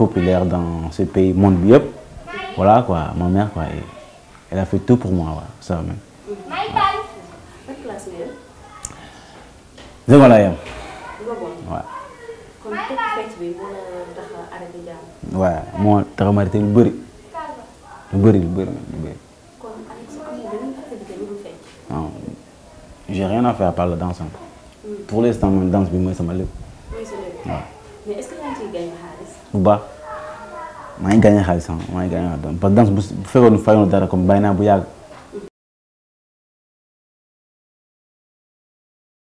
populaire dans ce pays, monde Voilà quoi, ma mère quoi, elle, a fait tout pour moi, ça même. Voilà. là Ouais. Euh, euh, ouais, moi, t'as remarqué le bruit. Le le j'ai rien à faire à part la danse. Hein. Mm. Pour l'instant, la danse, ça m'a Oui, c'est mais est-ce que yaa ngi ciy gagné xaalis. bu baax maa ngi gagné xaalis sama maa ngi gagné xaalis parce que dans bu fekkoon fayoon dara comme bàyyi naa bu yàgg.